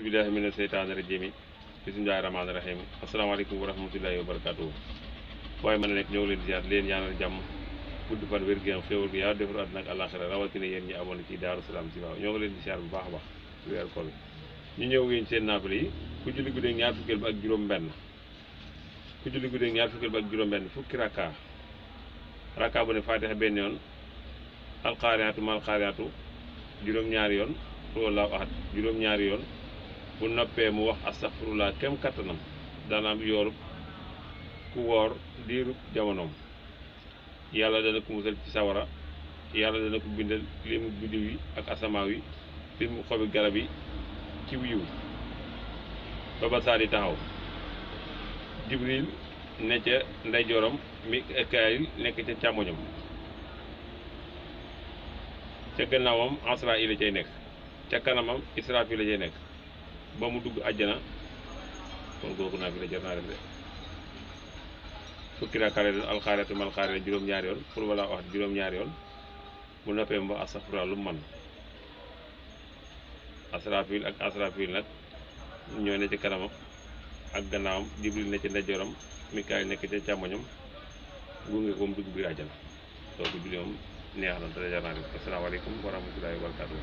bismillahi mina seytaani rajimi bismillahi rahmaani rahim asalaamaaleykum wa rahmatullahi wa barakaatu waaye mën a nekk ñoo ngi leen ziar leen ñaanal jàmm gudd fan wér gu am xéwal gu yaa defar àdduna ak àllaaxira rawatina yéen ñi amoon ci daaru salaam si waaw ñoo leen di ziar bu baax a baax ci weer koor bi ñu ñëw yéen seen naafila yi ku julli guddeeg ñaar fukkeel bi ak juróom-benn ku julli guddeeg ñaar fukkeel bi ak juróom-benn fukki rakka rakka bu ne faatiha benn yoon alxaariyaatu malxaariyaatu juróom-ñaari yoon bu noppee mu wax astaxfirullah kem kattanam dana am yoolub ku woor diirub jamonoom yàlla dana ko musal ci sawara yàlla dana ko bindal limu biddiw yi ak asamaa yi limu xobi garab yi ci wiiw ba ba saar yi taxaw jibril ne ca ndeyjooram mikaayil nekk ca càmmoñam ca gannaawam asraayil la nekk ca kanamam israafil la cay nekk ba mu dugg àjjana kon kooku naa fi la jar naa de fukki rakaa lay doon alxaariyatu juróom-ñaari yoon pour wala wax juróom-ñaari yoon bu noppee ba asafura lu man asrafil ak asrafil nag ñoo ne ci kanamam ak gannaawam jibril ne ci ndeyjooram mikaayil nekk ca càmmoñam gunge ko dugg biir àjjana kooku julli moom neex na te jar naa def asalaamaaleykum wa rahmatullaahi wa